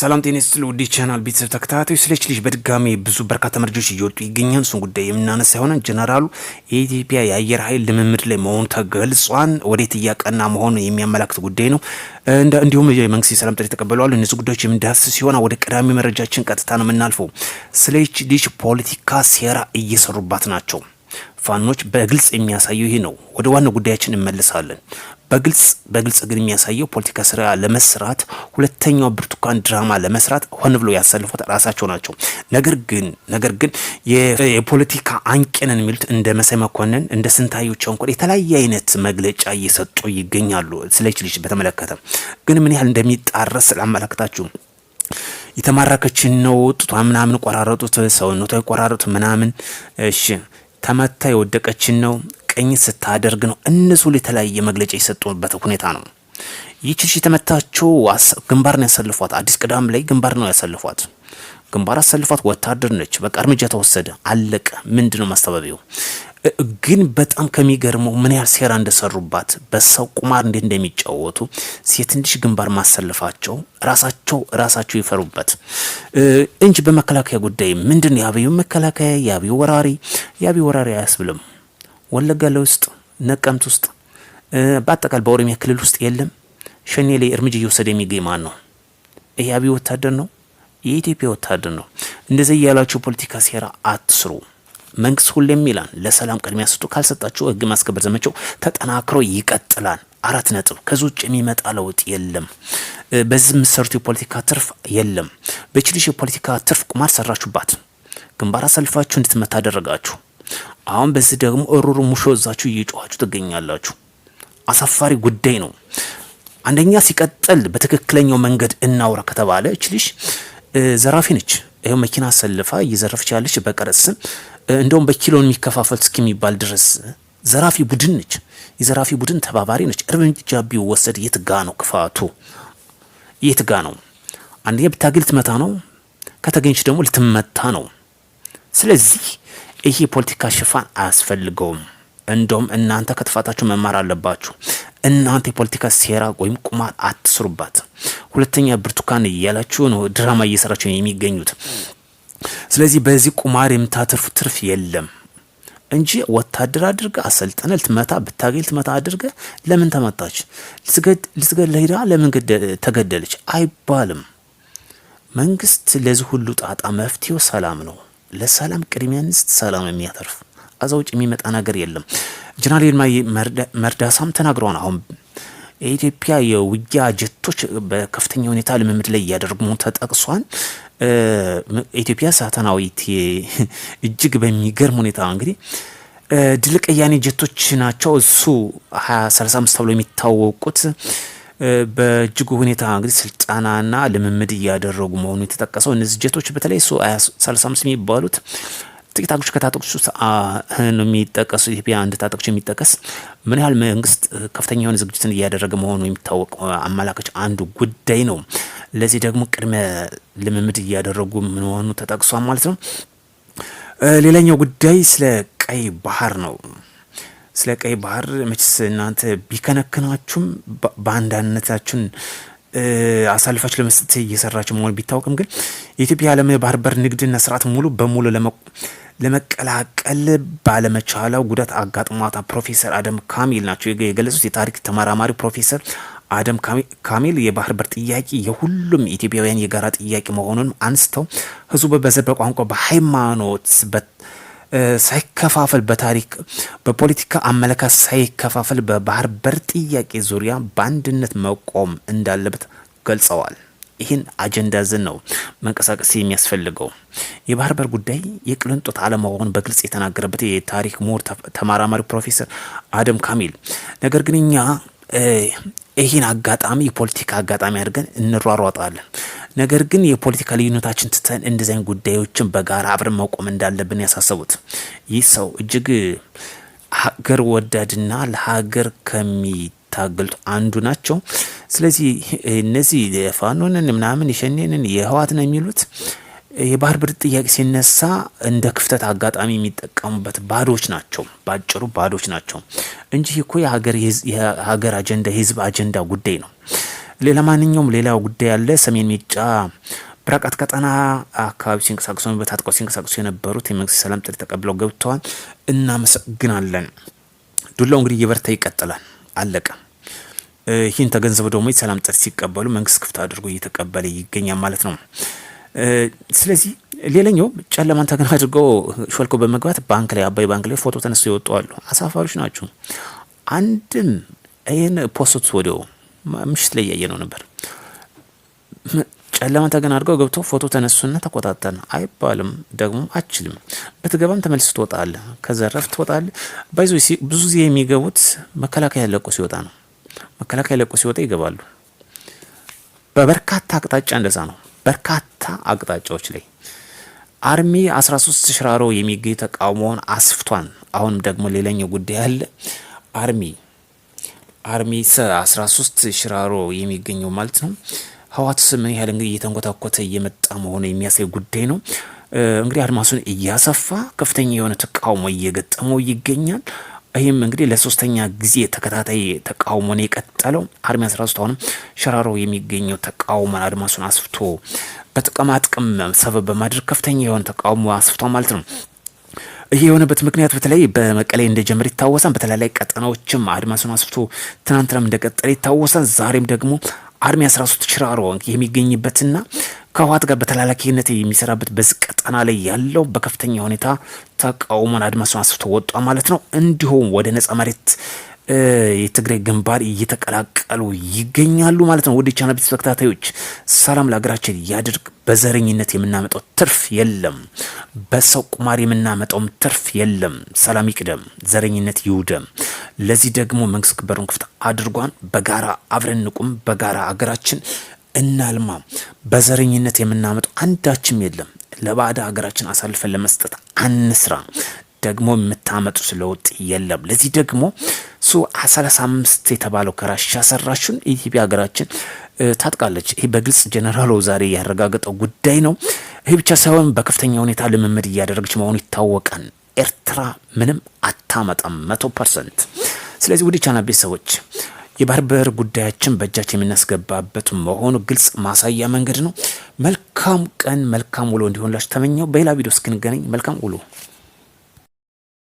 ሰላም ጤና ይስጥልኝ ውድ ቻናል ቤተሰብ ተከታታዮች፣ ስለች ልጅ በድጋሚ ብዙ በርካታ መረጃዎች እየወጡ ይገኛል። እሱን ጉዳይ የምናነሳ ይሆናል። ጀነራሉ የኢትዮጵያ የአየር ኃይል ልምምድ ላይ መሆኑ ተገልጿን ወዴት እያቀና መሆኑ የሚያመላክት ጉዳይ ነው። እንዲሁም የመንግስት የሰላም ጥሪ ተቀብለዋል። እነዚህ ጉዳዮች የምንዳስስ ሲሆን ወደ ቀዳሚ መረጃችን ቀጥታ ነው የምናልፈው። ስለች ልጅ ፖለቲካ ሴራ እየሰሩባት ናቸው ፋኖች በግልጽ የሚያሳየው ይሄ ነው። ወደ ዋናው ጉዳያችን እንመልሳለን። በግልጽ በግልጽ ግን የሚያሳየው ፖለቲካ ስራ ለመስራት ሁለተኛው ብርቱካን ድራማ ለመስራት ሆን ብሎ ያሰልፉት ራሳቸው ናቸው። ነገር ግን ነገር ግን የፖለቲካ አንቄነን የሚሉት እንደ መሳይ መኮንን እንደ ስንታየሁ ቸኮል የተለያየ አይነት መግለጫ እየሰጡ ይገኛሉ። ስለች ልጅ በተመለከተ ግን ምን ያህል እንደሚጣረስ ስላመለከታችሁ የተማረከችን ነው ጡቷ ምናምን ቆራረጡት፣ ሰውነቷ የቆራረጡት ምናምን እሺ ተመታ የወደቀችን ነው ቅኝት ስታደርግ ነው እነሱ የተለያየ መግለጫ የሰጡበት ሁኔታ ነው። ይህች ልጅ የተመታችው ግንባር ነው ያሰልፏት። አዲስ ቅዳም ላይ ግንባር ነው ያሰልፏት። ግንባር አሰልፏት ወታደር ነች። በቃ እርምጃ ተወሰደ፣ አለቀ። ምንድነው ነው ግን በጣም ከሚገርመው ምን ያህል ሴራ እንደሰሩባት በሰው ቁማር እንዴት እንደሚጫወቱ ሴት ልጅ ግንባር ማሰልፋቸው ራሳቸው ራሳቸው ይፈሩበት እንጂ በመከላከያ ጉዳይ ምንድን ነው የአብዩ መከላከያ የአብዩ ወራሪ የአብዩ ወራሪ አያስብልም። ወለጋ ውስጥ ነቀምት ውስጥ በአጠቃላይ በኦሮሚያ ክልል ውስጥ የለም። ሸኔ ላይ እርምጃ እየወሰደ የሚገኝ ማን ነው? ይህ አብይ ወታደር ነው? የኢትዮጵያ ወታደር ነው። እንደዚህ እያላችሁ ፖለቲካ ሴራ አትስሩ። መንግስት ሁሌም ይላል ለሰላም ቅድሚያ ስጡ። ካልሰጣችሁ ህግ ማስከበር ዘመቻው ተጠናክሮ ይቀጥላል። አራት ነጥብ። ከዚ ውጭ የሚመጣ ለውጥ የለም። በዚህ የምትሰሩት የፖለቲካ ትርፍ የለም። በችልሽ የፖለቲካ ትርፍ ቁማር ሰራችሁባት። ግንባር አሰልፋችሁ እንድትመታ አደረጋችሁ። አሁን በዚህ ደግሞ እሩሩ ሙሾ እዛችሁ እየጮኋችሁ ትገኛላችሁ። አሳፋሪ ጉዳይ ነው። አንደኛ ሲቀጥል በትክክለኛው መንገድ እናውራ ከተባለ እችልሽ ዘራፊ ነች። ይኸው መኪና አሰልፋ እየዘረፍች ያለች በቀረጥ ስም እንደውም በኪሎን የሚከፋፈል እስከሚባል ድረስ ዘራፊ ቡድን ነች። የዘራፊ ቡድን ተባባሪ ነች። እርምጃ ቢወሰድ የት ጋ ነው ክፋቱ? የት ጋ ነው? አንደኛ ብታገኝ ልትመታ ነው። ከተገኘች ደግሞ ልትመታ ነው። ስለዚህ ይህ የፖለቲካ ሽፋን አያስፈልገውም። እንደውም እናንተ ከጥፋታችሁ መማር አለባችሁ። እናንተ የፖለቲካ ሴራ ወይም ቁማር አትስሩባት። ሁለተኛ ብርቱካን እያላችሁ ነው ድራማ እየሰራችሁ ነው የሚገኙት። ስለዚህ በዚህ ቁማር የምታተርፉ ትርፍ የለም እንጂ ወታደር አድርገ አሰልጠነ ልትመታ ብታገኝ ልትመታ አድርገ ለምን ተመታች፣ ልትገድል ለምን ተገደለች አይባልም። መንግስት ለዚህ ሁሉ ጣጣ መፍትሄው ሰላም ነው። ለሰላም ቅድሚያ ንስት ሰላም የሚያተርፍ አዛ ውጭ የሚመጣ ነገር የለም። ጀነራል ይልማ መርዳሳም ተናግረዋል። አሁን የኢትዮጵያ የውጊያ ጀቶች በከፍተኛ ሁኔታ ልምምድ ላይ እያደረጉ መሆኑ ተጠቅሷል። ኢትዮጵያ ሳተናዊት እጅግ በሚገርም ሁኔታ እንግዲህ ድልቀያኔ ጀቶች ናቸው። እሱ 235 ተብሎ የሚታወቁት በእጅጉ ሁኔታ እንግዲህ ስልጠናና ልምምድ እያደረጉ መሆኑ የተጠቀሰው እነዚህ ጀቶች በተለይ ሱ 35 የሚባሉት ጥቂት አገሮች ከታጠቆች ውስጥ ነው የሚጠቀሱ። ኢትዮጵያ አንድ ታጠቆች የሚጠቀስ ምን ያህል መንግስት ከፍተኛ የሆነ ዝግጅትን እያደረገ መሆኑ የሚታወቅ አመላካች አንዱ ጉዳይ ነው። ለዚህ ደግሞ ቅድመ ልምምድ እያደረጉ መሆኑ ተጠቅሷል ማለት ነው። ሌላኛው ጉዳይ ስለ ቀይ ባህር ነው። ስለ ቀይ ባህር መችስ እናንተ ቢከነክናችሁም በአንዳነታችሁን አሳልፋችሁ ለመስጠት እየሰራችሁ መሆኑ ቢታወቅም ግን የኢትዮጵያ ዓለም የባህር በር ንግድና ስርዓት ሙሉ በሙሉ ለመቀላቀል ባለመቻላው ጉዳት አጋጥሟታ ፕሮፌሰር አደም ካሚል ናቸው የገለጹት። የታሪክ ተመራማሪ ፕሮፌሰር አደም ካሚል የባህር በር ጥያቄ የሁሉም ኢትዮጵያውያን የጋራ ጥያቄ መሆኑን አንስተው ህዝቡ በዘር፣ በቋንቋ፣ በሃይማኖት ሳይከፋፈል በታሪክ በፖለቲካ አመለካት ሳይከፋፈል በባህር በር ጥያቄ ዙሪያ በአንድነት መቆም እንዳለበት ገልጸዋል። ይህን አጀንዳ ዝን ነው መንቀሳቀስ የሚያስፈልገው። የባህር በር ጉዳይ የቅልንጦት አለመሆን በግልጽ የተናገረበት የታሪክ ምሁር ተመራማሪ ፕሮፌሰር አደም ካሚል ነገር ግን እኛ ይህን አጋጣሚ የፖለቲካ አጋጣሚ አድርገን እንሯሯጣለን። ነገር ግን የፖለቲካ ልዩነታችን ትተን እንደዚያን ጉዳዮችን በጋራ አብረን መቆም እንዳለብን ያሳሰቡት ይህ ሰው እጅግ ሀገር ወዳድና ለሀገር ከሚታገሉት አንዱ ናቸው። ስለዚህ እነዚህ ፋኖንን ምናምን የሸኔንን የህዋትን የሚሉት የባህር በር ጥያቄ ሲነሳ እንደ ክፍተት አጋጣሚ የሚጠቀሙበት ባዶች ናቸው። ባጭሩ ባዶች ናቸው እንጂ እኮ የሀገር አጀንዳ የህዝብ አጀንዳ ጉዳይ ነው። ሌላ ማንኛውም ሌላ ጉዳይ ያለ ሰሜን ሚጫ ብራቃት ቀጠና አካባቢ ሲንቀሳቀሱ በታጥቀው ሲንቀሳቀሱ የነበሩት የመንግስት ሰላም ጥሪ ተቀብለው ገብተዋል። እናመሰግናለን። ዱላው እንግዲህ እየበረታ ይቀጥላል። አለቀ። ይህን ተገንዘበ ደግሞ የሰላም ጥሪ ሲቀበሉ መንግስት ክፍት አድርጎ እየተቀበለ ይገኛል ማለት ነው። ስለዚህ ሌላኛው ጨለማን ተገን አድርገው ሾልኮ በመግባት ባንክ ላይ አባይ ባንክ ላይ ፎቶ ተነስቶ ይወጡ አሉ። አሳፋሪዎች ናቸው። አንድም ይህን ፖስት ወዲያው ምሽት ላይ እያየ ነው ነበር። ጨለማን ተገን አድርገው ገብቶ ፎቶ ተነሱና ተቆጣጠን አይባልም። ደግሞ አችልም። በትገባም ተመልስ ትወጣለ፣ ከዘረፍ ትወጣለ። ባይዞ ብዙ ጊዜ የሚገቡት መከላከያ ለቆ ሲወጣ ነው። መከላከያ ለቆ ሲወጣ ይገባሉ። በበርካታ አቅጣጫ እንደዛ ነው። በርካታ አቅጣጫዎች ላይ አርሚ 13 ሽራሮ የሚገኝ ተቃውሞውን አስፍቷን። አሁንም ደግሞ ሌላኛው ጉዳይ አለ። አርሚ አርሚ 13 ሽራሮ የሚገኘው ማለት ነው ህዋት ምን ያህል እንግዲህ እየተንኮታኮተ እየመጣ መሆኑ የሚያሳይ ጉዳይ ነው። እንግዲህ አድማሱን እያሰፋ ከፍተኛ የሆነ ተቃውሞ እየገጠመው ይገኛል። ይህም እንግዲህ ለሶስተኛ ጊዜ ተከታታይ ተቃውሞ ነው የቀጠለው። አርሚ 13 አሁንም ሸራሮ የሚገኘው ተቃውሞ አድማሱን አስፍቶ በጥቅማጥቅም ሰበብ በማድረግ ከፍተኛ የሆነ ተቃውሞ አስፍቷ ማለት ነው። ይህ የሆነበት ምክንያት በተለይ በመቀሌ እንደጀመረ ይታወሳል። በተለያዩ ቀጠናዎችም አድማሱን አስፍቶ ትናንትናም እንደቀጠለ ይታወሳል። ዛሬም ደግሞ አርሚ 13 ሽራሮ የሚገኝበትና ከህወሓት ጋር በተላላኪነት የሚሰራበት በዚህ ቀጠና ላይ ያለው በከፍተኛ ሁኔታ ተቃውሞን አድማሱን አስፍቶ ወጧ ማለት ነው። እንዲሁም ወደ ነጻ መሬት የትግራይ ግንባር እየተቀላቀሉ ይገኛሉ ማለት ነው። ወደ ቻና ቤት ተከታታዮች ሰላም ለሀገራችን ያድርግ። በዘረኝነት የምናመጣው ትርፍ የለም። በሰው ቁማር የምናመጣውም ትርፍ የለም። ሰላም ይቅደም፣ ዘረኝነት ይውደም። ለዚህ ደግሞ መንግስት በሩን ክፍት አድርጓን በጋራ አብረን ንቁም። በጋራ አገራችን እናልማ። በዘረኝነት የምናመጣው አንዳችም የለም። ለባዕድ ሀገራችን አሳልፈን ለመስጠት አንስራ። ደግሞ የምታመጡት ለውጥ የለም። ለዚህ ደግሞ ሱ ሰላሳ አምስት የተባለው ከራሻ ሰራሹን ኢትዮጵያ ሀገራችን ታጥቃለች። ይህ በግልጽ ጀኔራሉ ዛሬ ያረጋገጠው ጉዳይ ነው። ይህ ብቻ ሳይሆን በከፍተኛ ሁኔታ ልምምድ እያደረገች መሆኑ ይታወቃል። ኤርትራ ምንም አታመጣም መቶ ፐርሰንት። ስለዚህ ውድ ቻና ቤተሰቦች የባህር በር ጉዳያችን በእጃችን የምናስገባበት መሆኑ ግልጽ ማሳያ መንገድ ነው። መልካም ቀን፣ መልካም ውሎ እንዲሆንላችሁ ተመኘው። በሌላ ቪዲዮ እስክንገናኝ መልካም ውሎ